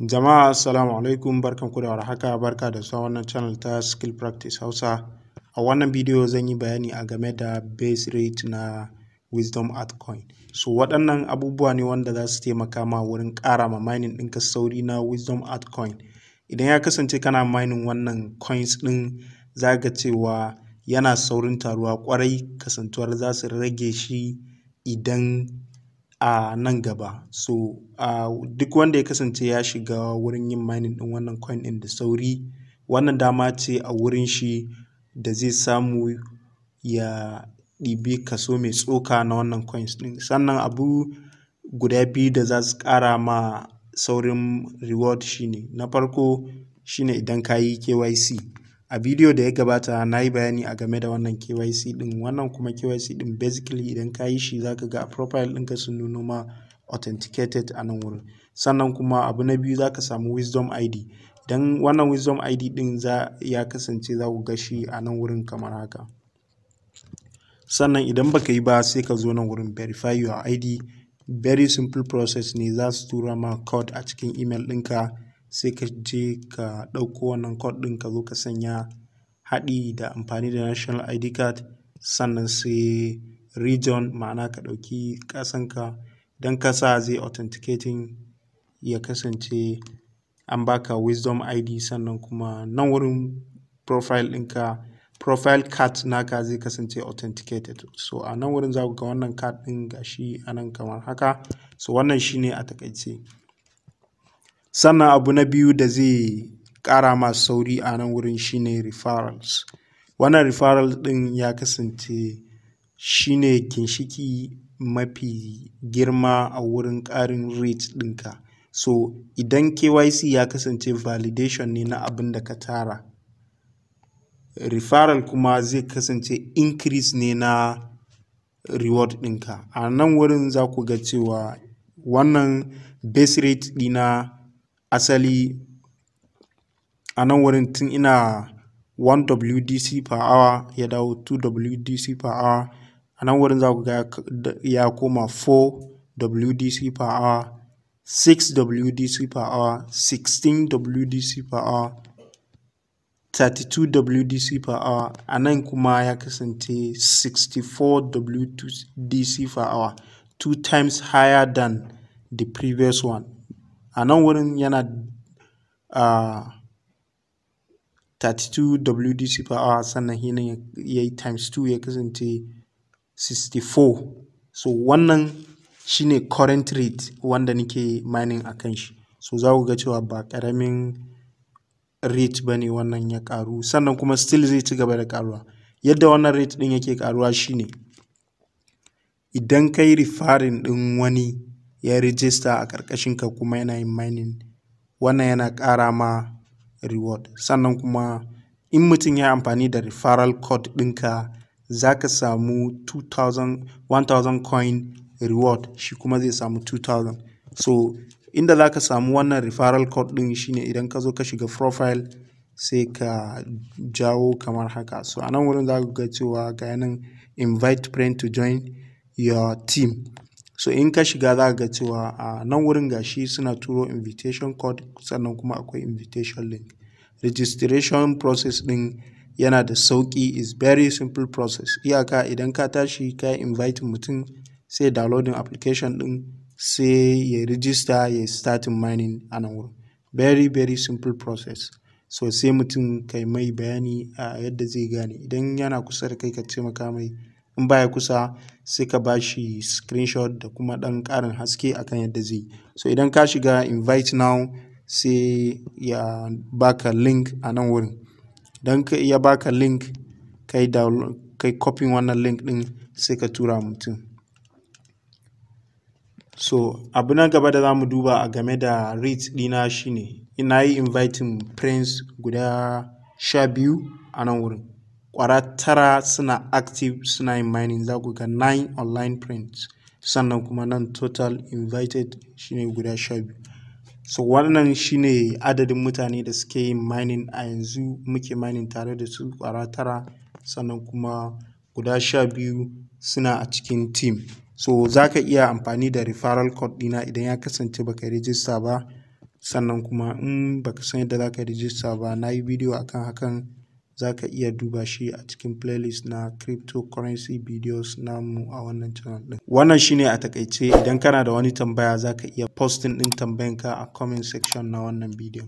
Jama'a assalamu alaikum ku da warhaka barka da zuwa wannan channel ta Skill Practice Hausa. A wannan bidiyo zan yi bayani a game da base rate na Wisdom coin So waɗannan abubuwa ne wanda za su taimaka ma wurin ƙara ma mining ɗinka sauri na Wisdom coin? Idan ya kasance kana mining wannan coins ɗin za ga cewa yana saurin taruwa kwarai kasantuwar za su rage shi idan a nan gaba so duk wanda ya kasance ya shiga wurin yin mining din wannan coin din, da sauri wannan dama ce a wurin shi da zai samu ya ɗibi kaso mai tsoka na wannan coins din, sannan abu guda biyu da za su ƙara ma saurin reward shine na farko shine idan ka yi KYC a bidiyo da ya gabata na yi bayani a game da wannan KYC din wannan kuma KYC din basically idan ka yi shi zaka ga a profile ɗinka sun nuno ma authenticated a nan wurin sannan kuma abu na biyu zaka samu wisdom ID don wannan wisdom ID din za ya kasance za ku ga shi a nan wurin kamar haka sannan idan baka yi ba sai ka zo nan wurin verify your ID very simple process ne za su tura ma code a cikin email ɗinka sai ka je ka ɗauko wannan code ɗin ka zo ka sanya haɗi da amfani da national id card sannan sai region ma'ana ka ɗauki ƙasanka don ka sa zai authenticating ya kasance an baka wisdom id sannan kuma nan wurin profile ɗinka profile card naka zai kasance authenticated so a nan wurin za ku ga wannan card ɗin gashi a nan kamar haka so wannan shine a takaice sannan abu na biyu da zai ƙara masu sauri a nan wurin shine referrals wannan referral ɗin ya kasance shine ginshiki mafi girma a wurin ƙarin rate ɗinka so idan KYC ya kasance validation ne na abin da ka tara referral kuma zai kasance increase ne na reward ɗinka a nan wurin za ku ga cewa wannan base rate ɗina asali a nan wurin tun ina 1 WDC per hour ya dawo 2 WDC per hour a nan wurin za ku ga ya koma 4 WDC per hour 6 WDC per hour 16 WDC per hour 32 WDC per hour a nan kuma ya kasance 64 WDC per hour two times higher than the previous one a nan wurin yana a 32 WDC per hour sannan ya yi times 2 ya kasance 64 so wannan shine current rate wanda nake mining a kan shi so za ku ga cewa ba ƙaramin rate ba ne wannan ya ƙaru sannan kuma still zai ci gaba da ƙaruwa yadda wannan rate ɗin yake ƙaruwa shine idan kai rifarin din wani ya rijista a ƙarƙashin ka kuma yana yin mining wannan yana ƙara ma reward sannan kuma in mutum ya amfani da referral code ɗinka za ka samu 2000 1000 coin reward shi kuma zai samu 2000 so inda za ka samu wannan referral code ɗin shine idan ka zo ka shiga profile sai ka jawo kamar haka so a nan wurin za ka ga cewa ga yanan invite friend to join your team so in ka shiga za ga cewa a nan wurin gashi suna turo invitation code sannan kuma akwai invitation link registration process din yana da sauki is very simple process iyaka idan ka tashi ka invite mutum sai downloading application din sai ya register ya start mining a nan wurin very very simple process so sai mutum kai mai bayani a yadda zai gane idan yana kusa da kai ka taimaka mai in baya kusa sai ka bashi screenshot da kuma ɗan karin haske akan yadda zai yi so idan ka shiga invite now sai ya baka link a nan wurin don ka iya baka link kai kai copy wannan link ɗin sai ka tura mutum so abu na gaba da za mu duba a game da read ɗina shine ina yi inviting prince guda sha biyu a nan wurin kwara tara suna active suna yin mining za ku ga 9 online prints sannan kuma nan total invited shine guda sha biyu so wannan shine adadin mutane da suke yin mining a yanzu muke mining tare da su kwara tara sannan kuma guda sha biyu suna a cikin team so za ka iya amfani da referral code dina idan ya kasance baka rijista ba sannan kuma in baka san yadda za ka rijista ba na yi bidiyo akan hakan za ka iya duba shi a cikin playlist na cryptocurrency videos namu a wannan channel din. Wannan shine a takaice idan kana da wani tambaya za ka iya posting din tambayanka a comment section na wannan video.